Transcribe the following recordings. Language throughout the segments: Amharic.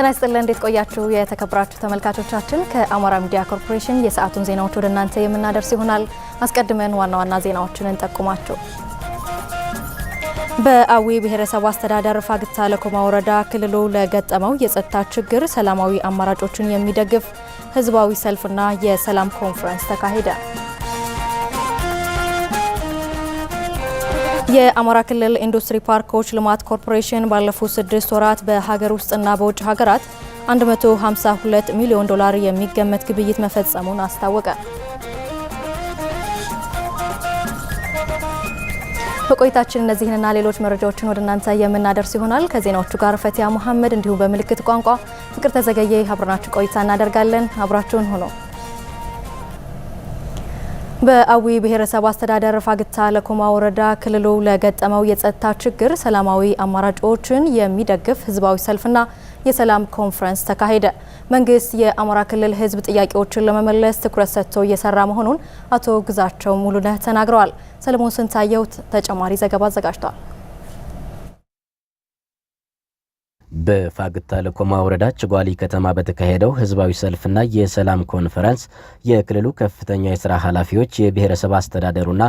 ጤና ይስጥልን። እንዴት ቆያችሁ? የተከበራችሁ ተመልካቾቻችን ከአማራ ሚዲያ ኮርፖሬሽን የሰዓቱን ዜናዎች ወደ እናንተ የምናደርስ ይሆናል። አስቀድመን ዋና ዋና ዜናዎችን እንጠቁማችሁ። በአዊ ብሔረሰብ አስተዳደር ፋግታ ለኮማ ወረዳ ክልሉ ለገጠመው የጸጥታ ችግር ሰላማዊ አማራጮችን የሚደግፍ ህዝባዊ ሰልፍና የሰላም ኮንፈረንስ ተካሄደ። የአማራ ክልል ኢንዱስትሪ ፓርኮች ልማት ኮርፖሬሽን ባለፉት ስድስት ወራት በሀገር ውስጥና በውጭ ሀገራት 152 ሚሊዮን ዶላር የሚገመት ግብይት መፈጸሙን አስታወቀ። በቆይታችን እነዚህንና ሌሎች መረጃዎችን ወደ እናንተ የምናደርስ ይሆናል። ከዜናዎቹ ጋር ፈቲያ መሐመድ እንዲሁም በምልክት ቋንቋ ፍቅር ተዘገየ አብረናችሁ ቆይታ እናደርጋለን። አብራችሁን ሆኖ በአዊ ብሔረሰብ አስተዳደር ፋግታ ለኮማ ወረዳ ክልሉ ለገጠመው የጸጥታ ችግር ሰላማዊ አማራጮችን የሚደግፍ ህዝባዊ ሰልፍና የሰላም ኮንፈረንስ ተካሄደ። መንግስት የአማራ ክልል ህዝብ ጥያቄዎችን ለመመለስ ትኩረት ሰጥቶ እየሰራ መሆኑን አቶ ግዛቸው ሙሉነህ ተናግረዋል። ሰለሞን ስንታየው ተጨማሪ ዘገባ አዘጋጅቷል። በፋግታ ለኮማ ወረዳ ችጓሊ ከተማ በተካሄደው ህዝባዊ ሰልፍና የሰላም ኮንፈረንስ የክልሉ ከፍተኛ የስራ ኃላፊዎች፣ የብሔረሰብ አስተዳደሩና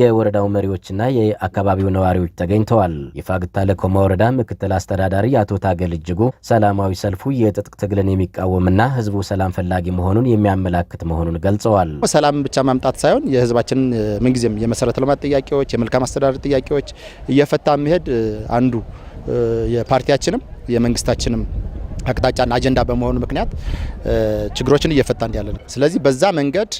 የወረዳው መሪዎችና የአካባቢው ነዋሪዎች ተገኝተዋል። የፋግታ ለኮማ ወረዳ ምክትል አስተዳዳሪ አቶ ታገል እጅጉ ሰላማዊ ሰልፉ የትጥቅ ትግልን የሚቃወምና ህዝቡ ሰላም ፈላጊ መሆኑን የሚያመላክት መሆኑን ገልጸዋል። ሰላም ብቻ ማምጣት ሳይሆን የህዝባችን ምንጊዜም የመሰረተ ልማት ጥያቄዎች፣ የመልካም አስተዳደር ጥያቄዎች እየፈታ መሄድ አንዱ የፓርቲያችንም የመንግስታችንም አቅጣጫና አጀንዳ በመሆኑ ምክንያት ችግሮችን እንዲያለ ነው። ስለዚህ በዛ መንገድ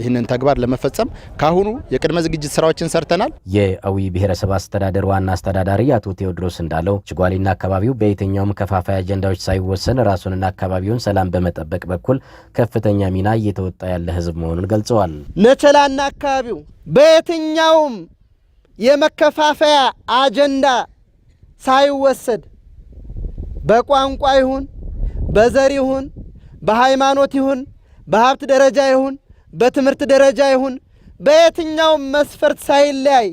ይህንን ተግባር ለመፈጸም ካሁኑ የቅድመ ዝግጅት ስራዎችን ሰርተናል። የአዊ ብሔረሰብ አስተዳደር ዋና አስተዳዳሪ አቶ ቴዎድሮስ እንዳለው ችጓሊና አካባቢው በየትኛውም ከፋፋይ አጀንዳዎች ሳይወሰን ራሱንና አካባቢውን ሰላም በመጠበቅ በኩል ከፍተኛ ሚና እየተወጣ ያለ ህዝብ መሆኑን ገልጸዋል። ነተላና አካባቢው በየትኛውም የመከፋፈያ አጀንዳ ሳይወሰድ በቋንቋ ይሁን በዘር ይሁን በሃይማኖት ይሁን በሀብት ደረጃ ይሁን በትምህርት ደረጃ ይሁን በየትኛውም መስፈርት ሳይለያይ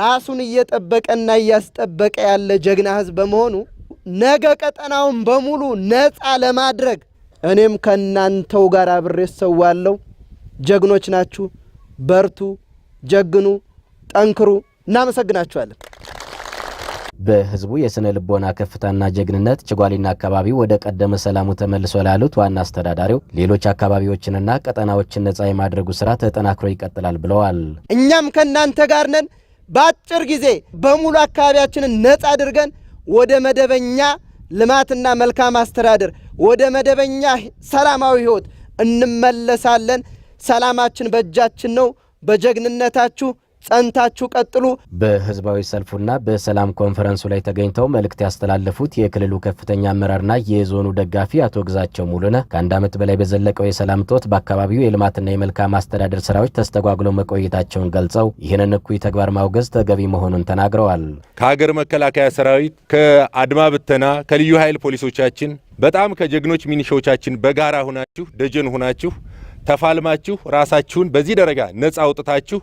ራሱን እየጠበቀና እያስጠበቀ ያለ ጀግና ህዝብ በመሆኑ ነገ ቀጠናውን በሙሉ ነፃ ለማድረግ እኔም ከእናንተው ጋር አብሬ እሰዋለሁ። ጀግኖች ናችሁ። በርቱ፣ ጀግኑ፣ ጠንክሩ። እናመሰግናችኋለን። በህዝቡ የስነ ልቦና ከፍታና ጀግንነት ችጓሊና አካባቢ ወደ ቀደመ ሰላሙ ተመልሶ ላሉት ዋና አስተዳዳሪው ሌሎች አካባቢዎችንና ቀጠናዎችን ነጻ የማድረጉ ስራ ተጠናክሮ ይቀጥላል ብለዋል። እኛም ከእናንተ ጋር ነን። በአጭር ጊዜ በሙሉ አካባቢያችንን ነጻ አድርገን ወደ መደበኛ ልማትና መልካም አስተዳደር፣ ወደ መደበኛ ሰላማዊ ህይወት እንመለሳለን። ሰላማችን በእጃችን ነው። በጀግንነታችሁ ጸንታችሁ ቀጥሉ። በህዝባዊ ሰልፉና በሰላም ኮንፈረንሱ ላይ ተገኝተው መልእክት ያስተላለፉት የክልሉ ከፍተኛ አመራርና የዞኑ ደጋፊ አቶ ግዛቸው ሙሉነ ከአንድ ዓመት በላይ በዘለቀው የሰላም ጦት በአካባቢው የልማትና የመልካም አስተዳደር ስራዎች ተስተጓጉለው መቆየታቸውን ገልጸው ይህንን እኩይ ተግባር ማውገዝ ተገቢ መሆኑን ተናግረዋል። ከሀገር መከላከያ ሰራዊት፣ ከአድማ ብተና፣ ከልዩ ኃይል ፖሊሶቻችን በጣም ከጀግኖች ሚኒሻዎቻችን በጋራ ሁናችሁ ደጀን ሁናችሁ ተፋልማችሁ ራሳችሁን በዚህ ደረጃ ነጻ አውጥታችሁ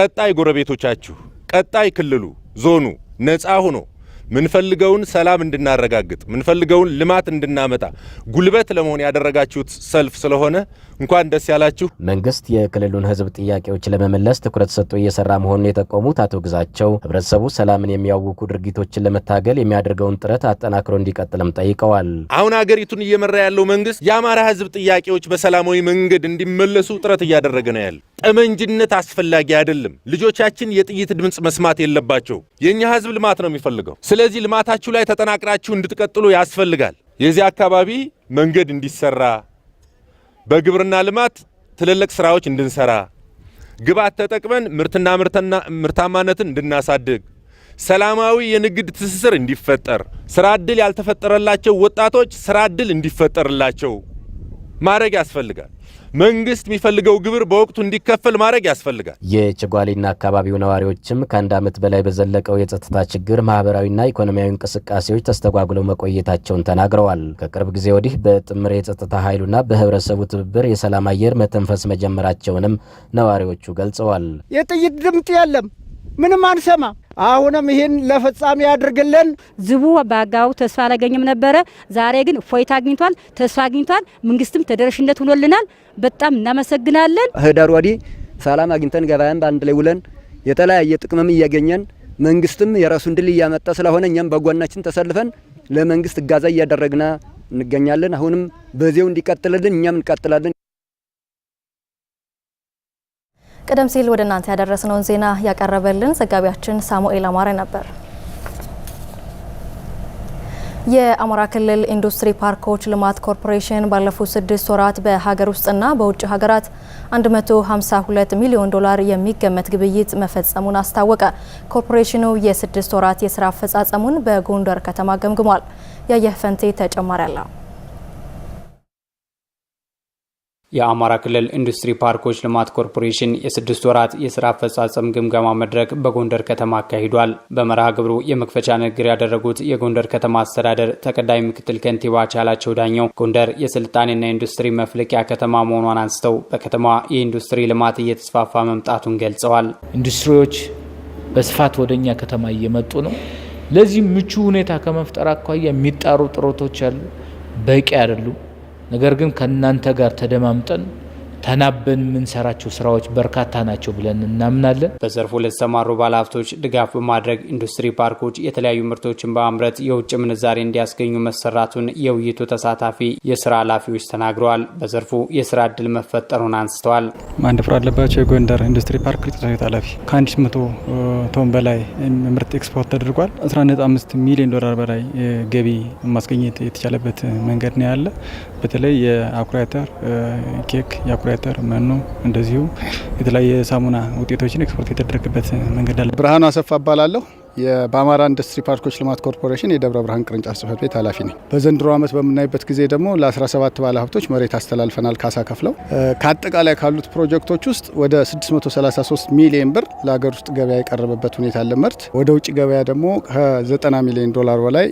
ቀጣይ ጎረቤቶቻችሁ፣ ቀጣይ ክልሉ፣ ዞኑ ነፃ ሆኖ ምንፈልገውን ሰላም እንድናረጋግጥ ምንፈልገውን ልማት እንድናመጣ ጉልበት ለመሆን ያደረጋችሁት ሰልፍ ስለሆነ እንኳን ደስ ያላችሁ። መንግስት የክልሉን ህዝብ ጥያቄዎች ለመመለስ ትኩረት ሰጥቶ እየሰራ መሆኑን የጠቆሙት አቶ ግዛቸው ህብረተሰቡ ሰላምን የሚያውኩ ድርጊቶችን ለመታገል የሚያደርገውን ጥረት አጠናክሮ እንዲቀጥልም ጠይቀዋል። አሁን ሀገሪቱን እየመራ ያለው መንግስት የአማራ ህዝብ ጥያቄዎች በሰላማዊ መንገድ እንዲመለሱ ጥረት እያደረገ ነው ያለ። ጠመንጅነት አስፈላጊ አይደለም። ልጆቻችን የጥይት ድምፅ መስማት የለባቸው። የእኛ ህዝብ ልማት ነው የሚፈልገው። ስለዚህ ልማታችሁ ላይ ተጠናቅራችሁ እንድትቀጥሉ ያስፈልጋል። የዚህ አካባቢ መንገድ እንዲሰራ በግብርና ልማት ትልልቅ ስራዎች እንድንሰራ፣ ግብዓት ተጠቅመን ምርትና ምርታማነትን እንድናሳድግ፣ ሰላማዊ የንግድ ትስስር እንዲፈጠር፣ ስራ ዕድል ያልተፈጠረላቸው ወጣቶች ስራ እድል እንዲፈጠርላቸው ማድረግ ያስፈልጋል። መንግስት የሚፈልገው ግብር በወቅቱ እንዲከፈል ማድረግ ያስፈልጋል። የችጓሊና አካባቢው ነዋሪዎችም ከአንድ ዓመት በላይ በዘለቀው የጸጥታ ችግር ማህበራዊና ኢኮኖሚያዊ እንቅስቃሴዎች ተስተጓጉለው መቆየታቸውን ተናግረዋል። ከቅርብ ጊዜ ወዲህ በጥምር የጸጥታ ኃይሉና በህብረተሰቡ ትብብር የሰላም አየር መተንፈስ መጀመራቸውንም ነዋሪዎቹ ገልጸዋል። የጥይት ድምጥ የለም። ምንም አንሰማ። አሁንም ይህን ለፍጻሜ ያድርግልን። ዝቡ በአግባቡ ተስፋ አላገኘም ነበረ። ዛሬ ግን እፎይታ አግኝቷል፣ ተስፋ አግኝቷል። መንግስትም ተደራሽነት ሆኖልናል። በጣም እናመሰግናለን። ህዳር ወዲህ ሰላም አግኝተን ገበያን በአንድ ላይ ውለን የተለያየ ጥቅምም እያገኘን መንግስትም የራሱን ድል እያመጣ ስለሆነ እኛም በጎናችን ተሰልፈን ለመንግስት እገዛ እያደረግና እንገኛለን። አሁንም በዚያው እንዲቀጥልልን እኛም እንቀጥላለን። ቀደም ሲል ወደ እናንተ ያደረስነውን ዜና ያቀረበልን ዘጋቢያችን ሳሙኤል አማረ ነበር። የአማራ ክልል ኢንዱስትሪ ፓርኮች ልማት ኮርፖሬሽን ባለፉት ስድስት ወራት በሀገር ውስጥና በውጭ ሀገራት 152 ሚሊዮን ዶላር የሚገመት ግብይት መፈጸሙን አስታወቀ። ኮርፖሬሽኑ የስድስት ወራት የስራ አፈጻጸሙን በጎንደር ከተማ ገምግሟል። ያየህ ፈንቴ ተጨማሪ አለው። የአማራ ክልል ኢንዱስትሪ ፓርኮች ልማት ኮርፖሬሽን የስድስት ወራት የስራ አፈጻጸም ግምገማ መድረክ በጎንደር ከተማ አካሂዷል። በመርሃ ግብሩ የመክፈቻ ንግግር ያደረጉት የጎንደር ከተማ አስተዳደር ተቀዳሚ ምክትል ከንቲባ ቻላቸው ዳኘው ጎንደር የስልጣኔና ኢንዱስትሪ መፍለቂያ ከተማ መሆኗን አንስተው በከተማዋ የኢንዱስትሪ ልማት እየተስፋፋ መምጣቱን ገልጸዋል። ኢንዱስትሪዎች በስፋት ወደ እኛ ከተማ እየመጡ ነው። ለዚህም ምቹ ሁኔታ ከመፍጠር አኳያ የሚጣሩ ጥረቶች አሉ፣ በቂ አይደሉም። ነገር ግን ከእናንተ ጋር ተደማምጠን ተናበን የምንሰራቸው ስራዎች በርካታ ናቸው ብለን እናምናለን። በዘርፉ ለተሰማሩ ባለሀብቶች ድጋፍ በማድረግ ኢንዱስትሪ ፓርኮች የተለያዩ ምርቶችን በማምረት የውጭ ምንዛሬ እንዲያስገኙ መሰራቱን የውይይቱ ተሳታፊ የስራ ኃላፊዎች ተናግረዋል። በዘርፉ የስራ እድል መፈጠሩን አንስተዋል። አንድ ፍራ አለባቸው የጎንደር ኢንዱስትሪ ፓርክ ቤት ኃላፊ ከአንድ መቶ ቶን በላይ ምርት ኤክስፖርት ተደርጓል። 15 ሚሊዮን ዶላር በላይ ገቢ ማስገኘት የተቻለበት መንገድ ነው ያለ በተለይ የአኩሪ አተር ኬክ፣ የአኩሪ አተር መኖ፣ እንደዚሁ የተለያየ ሳሙና ውጤቶችን ኤክስፖርት የተደረገበት መንገድ አለ። ብርሃኑ አሰፋ እባላለሁ። በአማራ ኢንዱስትሪ ፓርኮች ልማት ኮርፖሬሽን የደብረ ብርሃን ቅርንጫፍ ጽህፈት ቤት ኃላፊ ነኝ። በዘንድሮ ዓመት በምናይበት ጊዜ ደግሞ ለ17 ባለሀብቶች መሬት አስተላልፈናል ካሳ ከፍለው ከአጠቃላይ ካሉት ፕሮጀክቶች ውስጥ ወደ 633 ሚሊዮን ብር ለሀገር ውስጥ ገበያ የቀረበበት ሁኔታ ያለ ምርት ወደ ውጭ ገበያ ደግሞ ከ90 ሚሊዮን ዶላር በላይ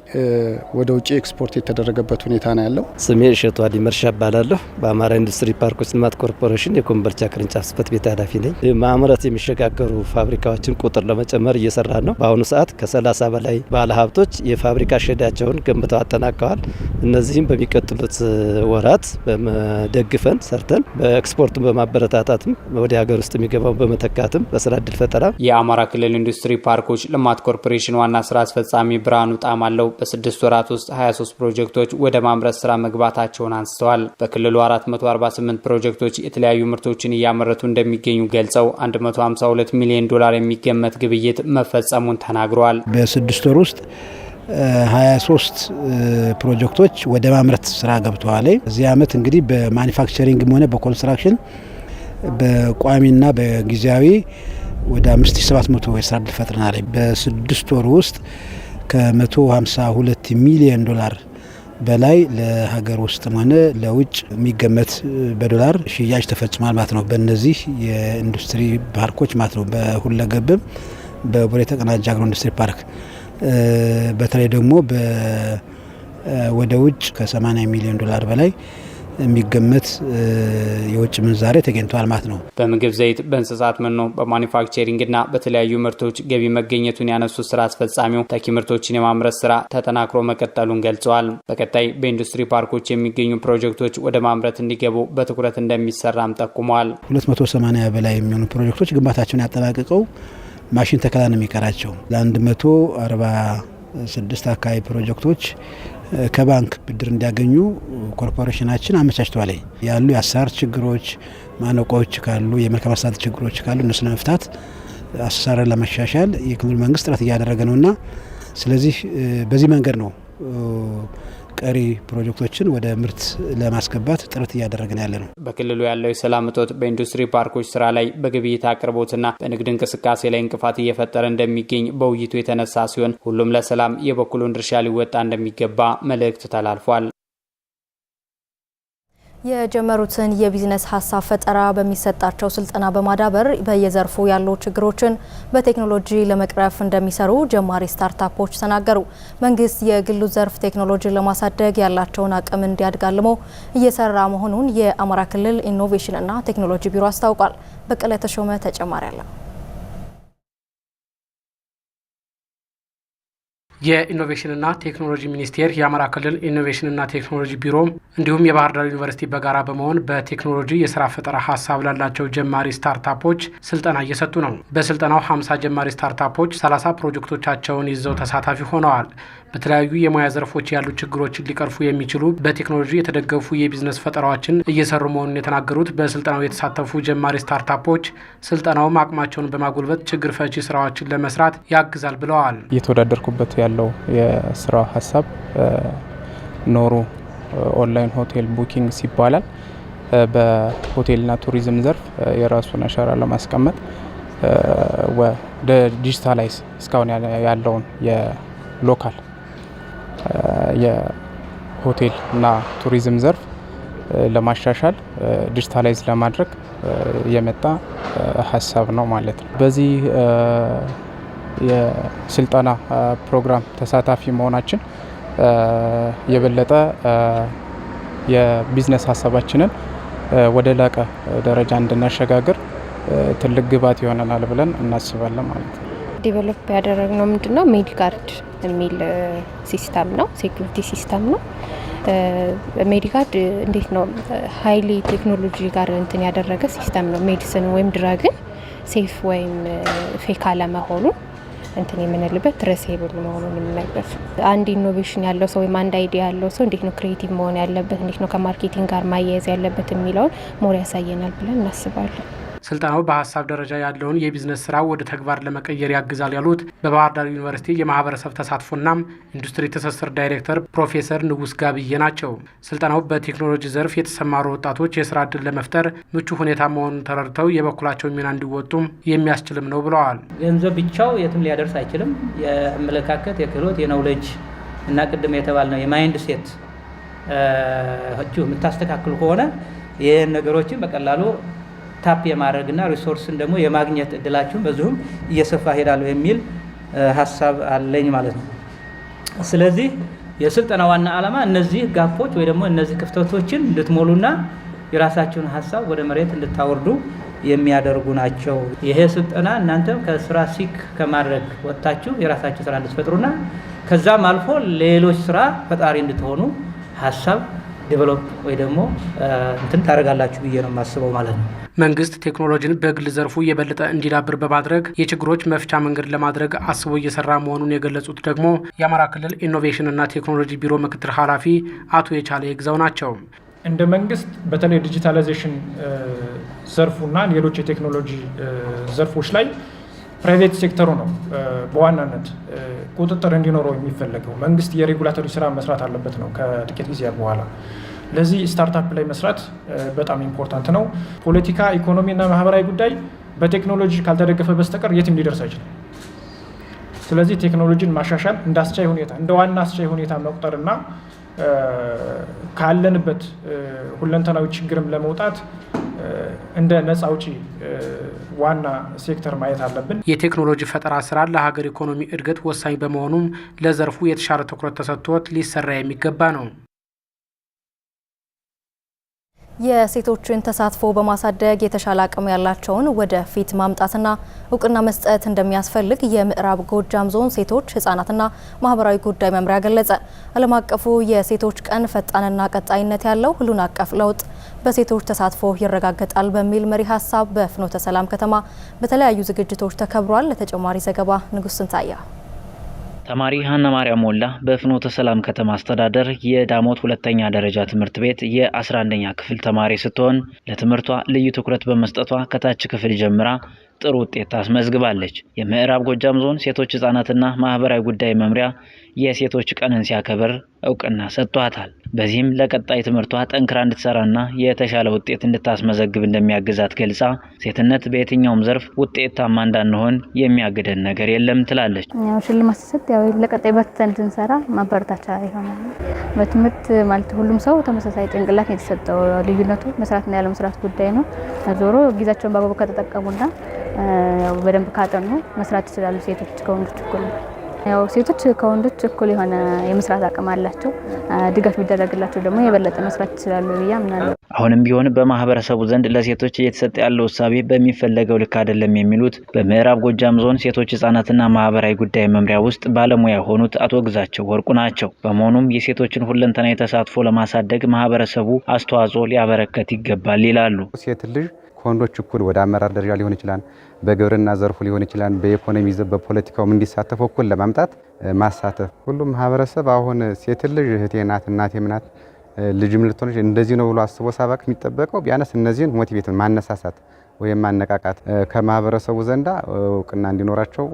ወደ ውጭ ኤክስፖርት የተደረገበት ሁኔታ ነው ያለው። ስሜ እሸቱ አዲ መርሻ እባላለሁ። በአማራ ኢንዱስትሪ ፓርኮች ልማት ኮርፖሬሽን የኮምቦልቻ ቅርንጫፍ ጽህፈት ቤት ኃላፊ ነኝ። ማምረት የሚሸጋገሩ ፋብሪካዎችን ቁጥር ለመጨመር እየሰራ ነው በአሁኑ ሰዓት ከ30 በላይ ባለሀብቶች የፋብሪካ ሸዳቸውን ገንብተው አጠናቀዋል። እነዚህም በሚቀጥሉት ወራት በመደግፈን ሰርተን በኤክስፖርቱን በማበረታታትም ወደ ሀገር ውስጥ የሚገባውን በመተካትም በስራ እድል ፈጠራ የአማራ ክልል ኢንዱስትሪ ፓርኮች ልማት ኮርፖሬሽን ዋና ስራ አስፈጻሚ ብርሃኑ ጣማለው በስድስት ወራት ውስጥ 23 ፕሮጀክቶች ወደ ማምረት ስራ መግባታቸውን አንስተዋል። በክልሉ 448 ፕሮጀክቶች የተለያዩ ምርቶችን እያመረቱ እንደሚገኙ ገልጸው 152 ሚሊዮን ዶላር የሚገመት ግብይት መፈጸሙን ተናል ተናግረዋል። በስድስት ወር ውስጥ 23 ፕሮጀክቶች ወደ ማምረት ስራ ገብተዋል። እዚህ ዓመት እንግዲህ በማኒፋክቸሪንግም ሆነ በኮንስትራክሽን በቋሚና በጊዜያዊ ወደ 5700 የስራ እድል ፈጥረናል። በስድስት ወር ውስጥ ከ152 ሚሊዮን ዶላር በላይ ለሀገር ውስጥም ሆነ ለውጭ የሚገመት በዶላር ሽያጭ ተፈጽሟል ማለት ነው። በእነዚህ የኢንዱስትሪ ፓርኮች ማለት ነው በሁለገብም በቡሬ የተቀናጀ አግሮ ኢንዱስትሪ ፓርክ በተለይ ደግሞ ወደ ውጭ ከ80 ሚሊዮን ዶላር በላይ የሚገመት የውጭ ምንዛሬ ተገኝቷል ማለት ነው። በምግብ ዘይት፣ በእንስሳት መኖ፣ በማኒፋክቸሪንግ እና በተለያዩ ምርቶች ገቢ መገኘቱን ያነሱት ስራ አስፈጻሚው ተኪ ምርቶችን የማምረት ስራ ተጠናክሮ መቀጠሉን ገልጸዋል። በቀጣይ በኢንዱስትሪ ፓርኮች የሚገኙ ፕሮጀክቶች ወደ ማምረት እንዲገቡ በትኩረት እንደሚሰራም ጠቁመዋል። 280 በላይ የሚሆኑ ፕሮጀክቶች ግንባታቸውን ያጠናቅቀው ማሽን ተከላ ነው የሚቀራቸው። ለ146 አካባቢ ፕሮጀክቶች ከባንክ ብድር እንዲያገኙ ኮርፖሬሽናችን አመቻችቷል። ያሉ የአሰራር ችግሮች፣ ማነቆዎች ካሉ የመልካም አስተዳደር ችግሮች ካሉ እነሱ ለመፍታት አሰራር ለማሻሻል የክልሉ መንግስት ጥረት እያደረገ ነውና ስለዚህ በዚህ መንገድ ነው ቀሪ ፕሮጀክቶችን ወደ ምርት ለማስገባት ጥረት እያደረግን ያለ ነው። በክልሉ ያለው የሰላም እጦት በኢንዱስትሪ ፓርኮች ስራ ላይ በግብይት አቅርቦትና በንግድ እንቅስቃሴ ላይ እንቅፋት እየፈጠረ እንደሚገኝ በውይይቱ የተነሳ ሲሆን ሁሉም ለሰላም የበኩሉን ድርሻ ሊወጣ እንደሚገባ መልእክት ተላልፏል። የጀመሩትን የቢዝነስ ሀሳብ ፈጠራ በሚሰጣቸው ስልጠና በማዳበር በየዘርፉ ያሉ ችግሮችን በቴክኖሎጂ ለመቅረፍ እንደሚሰሩ ጀማሪ ስታርታፖች ተናገሩ። መንግስት የግሉ ዘርፍ ቴክኖሎጂ ለማሳደግ ያላቸውን አቅም እንዲያድጋልሞ እየሰራ መሆኑን የአማራ ክልል ኢኖቬሽንና ቴክኖሎጂ ቢሮ አስታውቋል። በቀለ ተሾመ ተጨማሪ አለው። የኢኖቬሽንና ቴክኖሎጂ ሚኒስቴር፣ የአማራ ክልል ኢኖቬሽንና ቴክኖሎጂ ቢሮ እንዲሁም የባህር ዳር ዩኒቨርሲቲ በጋራ በመሆን በቴክኖሎጂ የስራ ፈጠራ ሀሳብ ላላቸው ጀማሪ ስታርታፖች ስልጠና እየሰጡ ነው። በስልጠናው 50 ጀማሪ ስታርታፖች 30 ፕሮጀክቶቻቸውን ይዘው ተሳታፊ ሆነዋል። በተለያዩ የሙያ ዘርፎች ያሉ ችግሮችን ሊቀርፉ የሚችሉ በቴክኖሎጂ የተደገፉ የቢዝነስ ፈጠራዎችን እየሰሩ መሆኑን የተናገሩት በስልጠናው የተሳተፉ ጀማሪ ስታርታፖች ስልጠናውም አቅማቸውን በማጎልበት ችግር ፈቺ ስራዎችን ለመስራት ያግዛል ብለዋል። እየተወዳደርኩበት ያለው የስራ ሀሳብ ኖሩ ኦንላይን ሆቴል ቡኪንግ ይባላል። በሆቴልና ቱሪዝም ዘርፍ የራሱን አሻራ ለማስቀመጥ ወደ ዲጂታላይዝ እስካሁን ያለውን የሎካል የሆቴል እና ቱሪዝም ዘርፍ ለማሻሻል ዲጂታላይዝ ለማድረግ የመጣ ሀሳብ ነው ማለት ነው። በዚህ የስልጠና ፕሮግራም ተሳታፊ መሆናችን የበለጠ የቢዝነስ ሀሳባችንን ወደ ላቀ ደረጃ እንድናሸጋግር ትልቅ ግብዓት ይሆነናል ብለን እናስባለን ማለት ነው። ዲቨሎፕ ያደረግነው ምንድን ነው ሜል ጋርድ የሚል ሲስተም ነው፣ ሴኩሪቲ ሲስተም ነው። ሜዲጋርድ እንዴት ነው ሀይሊ ቴክኖሎጂ ጋር እንትን ያደረገ ሲስተም ነው። ሜዲሲን ወይም ድራግን ሴፍ ወይም ፌክ አለመሆኑን እንትን የምንልበት ትረሴብል መሆኑን የምንልበት አንድ ኢኖቬሽን ያለው ሰው ወይም አንድ አይዲያ ያለው ሰው እንዴት ነው ክሬቲቭ መሆን ያለበት፣ እንዴት ነው ከማርኬቲንግ ጋር ማያያዝ ያለበት የሚለውን ሞር ያሳየናል ብለን እናስባለን። ስልጠናው በሀሳብ ደረጃ ያለውን የቢዝነስ ስራ ወደ ተግባር ለመቀየር ያግዛል ያሉት በባህር ዳር ዩኒቨርሲቲ የማህበረሰብ ተሳትፎና ኢንዱስትሪ ትስስር ዳይሬክተር ፕሮፌሰር ንጉስ ጋብዬ ናቸው። ስልጠናው በቴክኖሎጂ ዘርፍ የተሰማሩ ወጣቶች የስራ እድል ለመፍጠር ምቹ ሁኔታ መሆኑን ተረድተው የበኩላቸውን ሚና እንዲወጡም የሚያስችልም ነው ብለዋል። ገንዘብ ብቻው የትም ሊያደርስ አይችልም። የአመለካከት፣ የክህሎት፣ የነውለጅ እና ቅድም የተባል ነው የማይንድ ሴት የምታስተካክሉ ከሆነ ይህን ነገሮችን በቀላሉ ታፕ የማድረግና ሪሶርስን ደግሞ የማግኘት እድላችሁን በዚሁም እየሰፋ ሄዳለሁ የሚል ሀሳብ አለኝ ማለት ነው። ስለዚህ የስልጠና ዋና ዓላማ እነዚህ ጋፖች ወይ ደግሞ እነዚህ ክፍተቶችን እንድትሞሉና የራሳችሁን ሀሳብ ወደ መሬት እንድታወርዱ የሚያደርጉ ናቸው። ይሄ ስልጠና እናንተም ከስራ ሲክ ከማድረግ ወጥታችሁ የራሳችሁ ስራ እንድትፈጥሩና ከዛም አልፎ ሌሎች ስራ ፈጣሪ እንድትሆኑ ሀሳብ ዴቨሎፕ ወይ ደግሞ እንትን ታደርጋላችሁ ብዬ ነው የማስበው ማለት ነው። መንግስት ቴክኖሎጂን በግል ዘርፉ የበለጠ እንዲዳብር በማድረግ የችግሮች መፍቻ መንገድ ለማድረግ አስቦ እየሰራ መሆኑን የገለጹት ደግሞ የአማራ ክልል ኢኖቬሽንና ቴክኖሎጂ ቢሮ ምክትል ኃላፊ አቶ የቻለ የግዛው ናቸው። እንደ መንግስት በተለይ ዲጂታላይዜሽን ዘርፉና ሌሎች የቴክኖሎጂ ዘርፎች ላይ ፕራይቬት ሴክተሩ ነው በዋናነት ቁጥጥር እንዲኖረው የሚፈለገው። መንግስት የሬጉላቶሪ ስራ መስራት አለበት ነው ከጥቂት ጊዜ በኋላ። ለዚህ ስታርታፕ ላይ መስራት በጣም ኢምፖርታንት ነው። ፖለቲካ፣ ኢኮኖሚና ማህበራዊ ጉዳይ በቴክኖሎጂ ካልተደገፈ በስተቀር የትም ሊደርስ አይችልም። ስለዚህ ቴክኖሎጂን ማሻሻል እንደ አስቻይ ሁኔታ እንደ ዋና አስቻይ ሁኔታ መቁጠርና ካለንበት ሁለንተናዊ ችግርም ለመውጣት እንደ ነጻ አውጪ ዋና ሴክተር ማየት አለብን። የቴክኖሎጂ ፈጠራ ስራ ለሀገር ኢኮኖሚ እድገት ወሳኝ በመሆኑም ለዘርፉ የተሻለ ትኩረት ተሰጥቶት ሊሰራ የሚገባ ነው። የሴቶችን ተሳትፎ በማሳደግ የተሻለ አቅም ያላቸውን ወደፊት ማምጣትና እውቅና መስጠት እንደሚያስፈልግ የምዕራብ ጎጃም ዞን ሴቶች ህጻናትና ማህበራዊ ጉዳይ መምሪያ ገለጸ። ዓለም አቀፉ የሴቶች ቀን ፈጣንና ቀጣይነት ያለው ሁሉን አቀፍ ለውጥ በሴቶች ተሳትፎ ይረጋገጣል በሚል መሪ ሀሳብ በፍኖተ ሰላም ከተማ በተለያዩ ዝግጅቶች ተከብሯል። ለተጨማሪ ዘገባ ንጉስ ስንታያ ተማሪ ሀና ማርያም ሞላ በፍኖተ ሰላም ከተማ አስተዳደር የዳሞት ሁለተኛ ደረጃ ትምህርት ቤት የ11ኛ ክፍል ተማሪ ስትሆን ለትምህርቷ ልዩ ትኩረት በመስጠቷ ከታች ክፍል ጀምራ ጥሩ ውጤት ታስመዝግባለች። የምዕራብ ጎጃም ዞን ሴቶች ህጻናትና ማህበራዊ ጉዳይ መምሪያ የሴቶች ቀንን ሲያከብር እውቅና ሰጥቷታል። በዚህም ለቀጣይ ትምህርቷ ጠንክራ እንድትሰራና የተሻለ ውጤት እንድታስመዘግብ እንደሚያግዛት ገልጻ ሴትነት በየትኛውም ዘርፍ ውጤታማ እንዳንሆን የሚያግደን ነገር የለም ትላለች። ሽልማት ሲሰጥ ያው ለቀጣይ በርትተን እንድንሰራ ማበረታቻ ይሆናል። በትምህርት ማለት ሁሉም ሰው ተመሳሳይ ጭንቅላት የተሰጠው ልዩነቱ መስራትና መስራት ጉዳይ ነው። ዞሮ ጊዜያቸውን በአግባቡ ከተጠቀሙና በደንብ ካጠኑ መስራት ይችላሉ ሴቶች ከወንዶች እኩል ያው ሴቶች ከወንዶች እኩል የሆነ የመስራት አቅም አላቸው። ድጋፍ የሚደረግላቸው ደግሞ የበለጠ መስራት ይችላሉ ብዬ አምናለሁ። አሁንም ቢሆን በማህበረሰቡ ዘንድ ለሴቶች እየተሰጠ ያለው እሳቤ በሚፈለገው ልክ አይደለም የሚሉት በምዕራብ ጎጃም ዞን ሴቶች ህጻናትና ማህበራዊ ጉዳይ መምሪያ ውስጥ ባለሙያ የሆኑት አቶ ግዛቸው ወርቁ ናቸው። በመሆኑም የሴቶችን ሁለንተና የተሳትፎ ለማሳደግ ማህበረሰቡ አስተዋጽኦ ሊያበረከት ይገባል ይላሉ። ሴት ልጅ ከወንዶች እኩል ወደ አመራር ደረጃ ሊሆን ይችላል፣ በግብርና ዘርፉ ሊሆን ይችላል፣ በኢኮኖሚ ዘርፍ በፖለቲካውም እንዲሳተፉ እኩል ለማምጣት ማሳተፍ። ሁሉም ማህበረሰብ አሁን ሴት ልጅ እህቴ ናት እናቴም ናት ልጅም ልትሆነች እንደዚህ ነው ብሎ አስቦ ሳባክ የሚጠበቀው ቢያነስ እነዚህን ሞቲቬትን ማነሳሳት ወይም ማነቃቃት ከማህበረሰቡ ዘንዳ እውቅና እንዲኖራቸው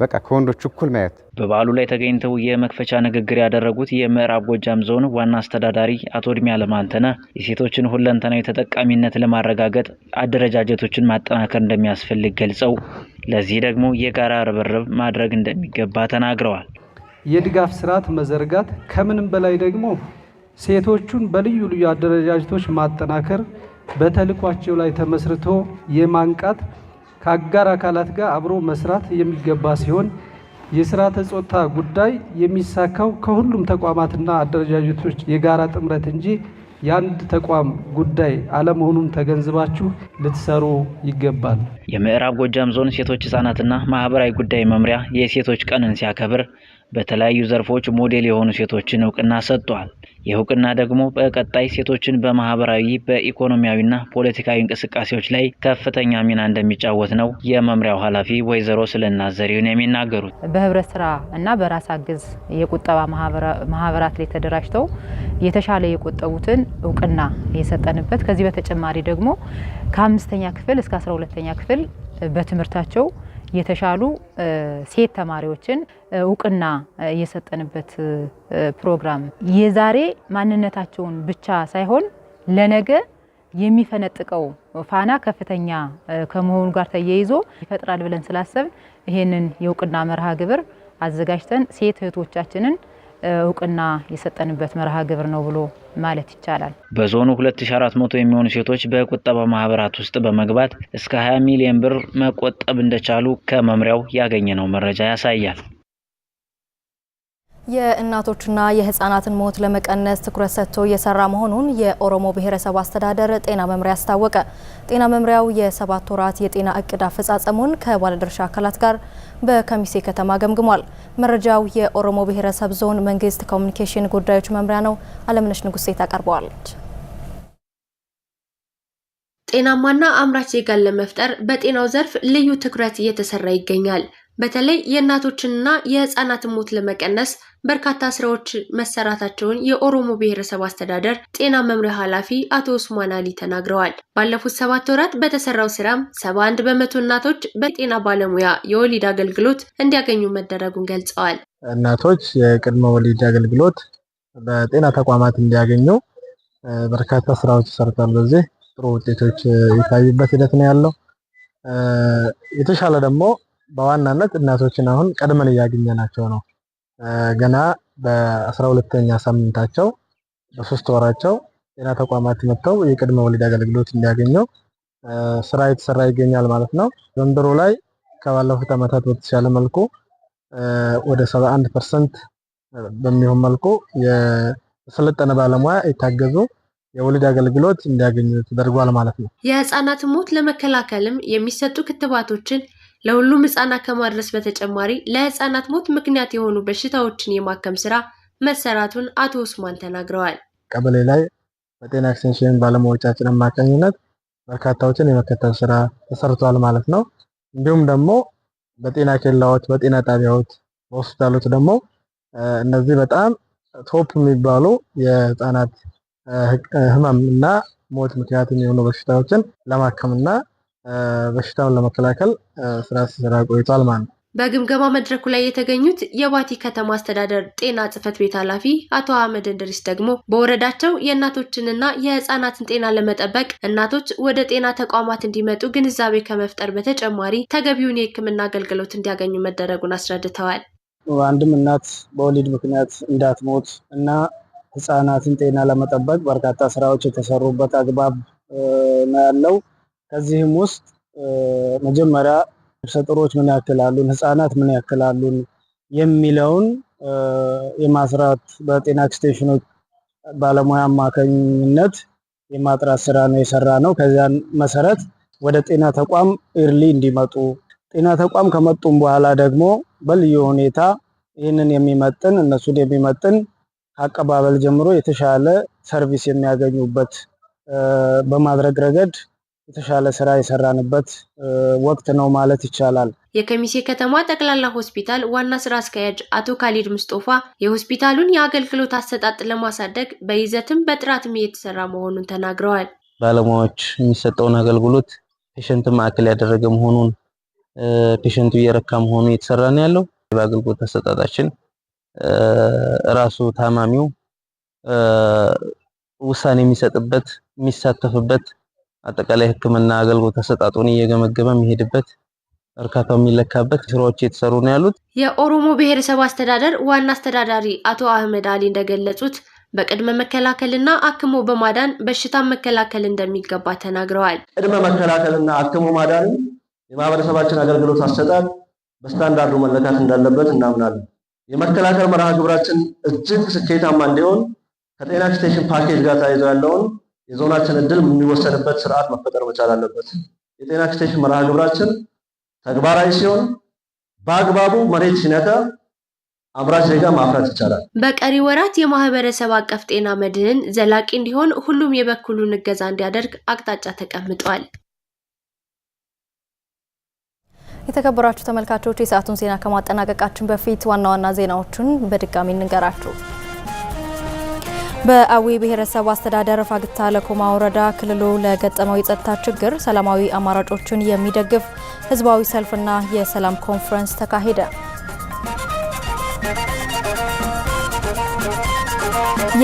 በቃ ከወንዶች እኩል ማየት። በበዓሉ ላይ ተገኝተው የመክፈቻ ንግግር ያደረጉት የምዕራብ ጎጃም ዞን ዋና አስተዳዳሪ አቶ እድሜ አለማንተነ የሴቶችን ሁለንተናዊ ተጠቃሚነት ለማረጋገጥ አደረጃጀቶችን ማጠናከር እንደሚያስፈልግ ገልጸው ለዚህ ደግሞ የጋራ ርብርብ ማድረግ እንደሚገባ ተናግረዋል። የድጋፍ ስርዓት መዘርጋት ከምንም በላይ ደግሞ ሴቶቹን በልዩ ልዩ አደረጃጀቶች ማጠናከር በተልኳቸው ላይ ተመስርቶ የማንቃት ከአጋር አካላት ጋር አብሮ መስራት የሚገባ ሲሆን የስርዓተ ጾታ ጉዳይ የሚሳካው ከሁሉም ተቋማትና አደረጃጀቶች የጋራ ጥምረት እንጂ የአንድ ተቋም ጉዳይ አለመሆኑን ተገንዝባችሁ ልትሰሩ ይገባል። የምዕራብ ጎጃም ዞን ሴቶች ህጻናትና ማህበራዊ ጉዳይ መምሪያ የሴቶች ቀንን ሲያከብር በተለያዩ ዘርፎች ሞዴል የሆኑ ሴቶችን እውቅና ሰጥቷል። የእውቅና ደግሞ በቀጣይ ሴቶችን በማህበራዊ በኢኮኖሚያዊና ፖለቲካዊ እንቅስቃሴዎች ላይ ከፍተኛ ሚና እንደሚጫወት ነው የመምሪያው ኃላፊ ወይዘሮ ስለና ዘሪሁን የሚናገሩት። በህብረት ስራ እና በራስ አገዝ የቁጠባ ማህበራት ላይ ተደራጅተው የተሻለ የቆጠቡትን እውቅና የሰጠንበት ከዚህ በተጨማሪ ደግሞ ከአምስተኛ ክፍል እስከ አስራ ሁለተኛ ክፍል በትምህርታቸው የተሻሉ ሴት ተማሪዎችን እውቅና የሰጠንበት ፕሮግራም የዛሬ ማንነታቸውን ብቻ ሳይሆን ለነገ የሚፈነጥቀው ፋና ከፍተኛ ከመሆኑ ጋር ተያይዞ ይፈጥራል ብለን ስላሰብን ይህንን የእውቅና መርሃ ግብር አዘጋጅተን ሴት እህቶቻችንን እውቅና የሰጠንበት መርሃ ግብር ነው ብሎ ማለት ይቻላል። በዞኑ 2400 የሚሆኑ ሴቶች በቁጠባ ማህበራት ውስጥ በመግባት እስከ 20 ሚሊዮን ብር መቆጠብ እንደቻሉ ከመምሪያው ያገኘነው መረጃ ያሳያል። የእናቶችና የህፃናትን ሞት ለመቀነስ ትኩረት ሰጥቶ እየሰራ መሆኑን የኦሮሞ ብሔረሰብ አስተዳደር ጤና መምሪያ አስታወቀ። ጤና መምሪያው የሰባት ወራት የጤና እቅድ አፈጻጸሙን ከባለድርሻ አካላት ጋር በከሚሴ ከተማ ገምግሟል። መረጃው የኦሮሞ ብሔረሰብ ዞን መንግስት ኮሚኒኬሽን ጉዳዮች መምሪያ ነው። አለምነሽ ንጉሴ ታቀርበዋለች። ጤናማና አምራች ዜጋን ለመፍጠር በጤናው ዘርፍ ልዩ ትኩረት እየተሰራ ይገኛል። በተለይ የእናቶችንና የህፃናትን ሞት ለመቀነስ በርካታ ስራዎች መሰራታቸውን የኦሮሞ ብሔረሰብ አስተዳደር ጤና መምሪያ ኃላፊ አቶ ኡስማን አሊ ተናግረዋል። ባለፉት ሰባት ወራት በተሰራው ስራም ሰባ አንድ በመቶ እናቶች በጤና ባለሙያ የወሊድ አገልግሎት እንዲያገኙ መደረጉን ገልጸዋል። እናቶች የቅድመ ወሊድ አገልግሎት በጤና ተቋማት እንዲያገኙ በርካታ ስራዎች ተሰርቷል። በዚህ ጥሩ ውጤቶች የታዩበት ሂደት ነው ያለው የተሻለ ደግሞ በዋናነት እናቶችን አሁን ቀድመን እያገኘናቸው ነው። ገና በአስራ ሁለተኛ ሳምንታቸው በሶስት ወራቸው ጤና ተቋማት መጥተው የቅድመ ወሊድ አገልግሎት እንዲያገኘው ስራ የተሰራ ይገኛል ማለት ነው። ዘንድሮ ላይ ከባለፉት ዓመታት በተሻለ መልኩ ወደ ሰባ ፐርሰንት በሚሆን መልኩ የሰለጠነ ባለሙያ የታገዙ የወሊድ አገልግሎት እንዲያገኙ ተደርጓል ማለት ነው። የህፃናት ሞት ለመከላከልም የሚሰጡ ክትባቶችን ለሁሉም ህጻናት ከማድረስ በተጨማሪ ለህጻናት ሞት ምክንያት የሆኑ በሽታዎችን የማከም ስራ መሰራቱን አቶ ኡስማን ተናግረዋል። ቀበሌ ላይ በጤና ኤክስቴንሽን ባለሙያዎቻችን አማካኝነት በርካታዎችን የመከተል ስራ ተሰርቷል ማለት ነው። እንዲሁም ደግሞ በጤና ኬላዎች፣ በጤና ጣቢያዎች፣ በሆስፒታሎች ደግሞ እነዚህ በጣም ቶፕ የሚባሉ የህጻናት ህመም እና ሞት ምክንያት የሚሆኑ በሽታዎችን ለማከምና በሽታውን ለመከላከል ስራ ሲሰራ ቆይቷል ማለት ነው። በግምገማ መድረኩ ላይ የተገኙት የባቲ ከተማ አስተዳደር ጤና ጽህፈት ቤት ኃላፊ አቶ አህመድ እንድሪስ ደግሞ በወረዳቸው የእናቶችንና የህፃናትን ጤና ለመጠበቅ እናቶች ወደ ጤና ተቋማት እንዲመጡ ግንዛቤ ከመፍጠር በተጨማሪ ተገቢውን የህክምና አገልግሎት እንዲያገኙ መደረጉን አስረድተዋል። አንድም እናት በወሊድ ምክንያት እንዳትሞት እና ህፃናትን ጤና ለመጠበቅ በርካታ ስራዎች የተሰሩበት አግባብ ነው ያለው ከዚህም ውስጥ መጀመሪያ ነፍሰ ጡሮች ምን ያክል አሉን፣ ህፃናት ምን ያክል አሉን የሚለውን የማስራት በጤና ኤክስቴንሽኖች ባለሙያ አማካኝነት የማጥራት ስራ ነው የሰራ ነው። ከዚያን መሰረት ወደ ጤና ተቋም ኢርሊ እንዲመጡ ጤና ተቋም ከመጡም በኋላ ደግሞ በልዩ ሁኔታ ይህንን የሚመጥን እነሱን የሚመጥን ከአቀባበል ጀምሮ የተሻለ ሰርቪስ የሚያገኙበት በማድረግ ረገድ የተሻለ ስራ የሰራንበት ወቅት ነው ማለት ይቻላል። የከሚሴ ከተማ ጠቅላላ ሆስፒታል ዋና ስራ አስኪያጅ አቶ ካሊድ ምስጦፋ የሆስፒታሉን የአገልግሎት አሰጣጥ ለማሳደግ በይዘትም በጥራትም እየተሰራ መሆኑን ተናግረዋል። ባለሙያዎች የሚሰጠውን አገልግሎት ፔሸንት ማዕከል ያደረገ መሆኑን፣ ፔሸንቱ እየረካ መሆኑ እየተሰራ ነው ያለው። በአገልግሎት አሰጣጣችን ራሱ ታማሚው ውሳኔ የሚሰጥበት የሚሳተፍበት አጠቃላይ ህክምና አገልግሎት አሰጣጡን እየገመገመ የሚሄድበት እርካታው የሚለካበት ስራዎች የተሰሩ ነው ያሉት የኦሮሞ ብሔረሰብ አስተዳደር ዋና አስተዳዳሪ አቶ አህመድ አሊ እንደገለጹት በቅድመ መከላከልና አክሞ በማዳን በሽታ መከላከል እንደሚገባ ተናግረዋል። ቅድመ መከላከልና አክሞ ማዳን የማህበረሰባችን አገልግሎት አሰጣጥ በስታንዳርዱ መለካት እንዳለበት እናምናለን። የመከላከል መርሃ ግብራችን እጅግ ስኬታማ እንዲሆን ከጤና ኤክስቴንሽን ፓኬጅ ጋር ተያይዞ ያለውን የዞናችን እድል የሚወሰድበት ስርዓት መፈጠር መቻል አለበት። የጤና ኤክስቴንሽን መርሃ ግብራችን ተግባራዊ ሲሆን በአግባቡ መሬት ሲነካ አምራች ዜጋ ማፍራት ይቻላል። በቀሪ ወራት የማህበረሰብ አቀፍ ጤና መድህን ዘላቂ እንዲሆን ሁሉም የበኩሉን እገዛ እንዲያደርግ አቅጣጫ ተቀምጧል። የተከበራችሁ ተመልካቾች የሰዓቱን ዜና ከማጠናቀቃችን በፊት ዋና ዋና ዜናዎቹን በድጋሚ እንገራችሁ። በአዊ ብሔረሰብ አስተዳደር ፋግታ ለኮማ ወረዳ ክልሉ ለገጠመው የጸጥታ ችግር ሰላማዊ አማራጮችን የሚደግፍ ህዝባዊ ሰልፍና የሰላም ኮንፈረንስ ተካሄደ።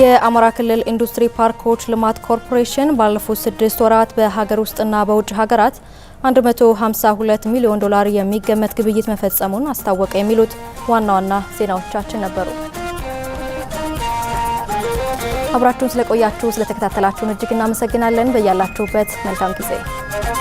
የአማራ ክልል ኢንዱስትሪ ፓርኮች ልማት ኮርፖሬሽን ባለፉት ስድስት ወራት በሀገር ውስጥና በውጭ ሀገራት 152 ሚሊዮን ዶላር የሚገመት ግብይት መፈጸሙን አስታወቀ። የሚሉት ዋና ዋና ዜናዎቻችን ነበሩ። አብራችሁን ስለቆያችሁ ስለተከታተላችሁን እጅግ እናመሰግናለን። በያላችሁበት መልካም ጊዜ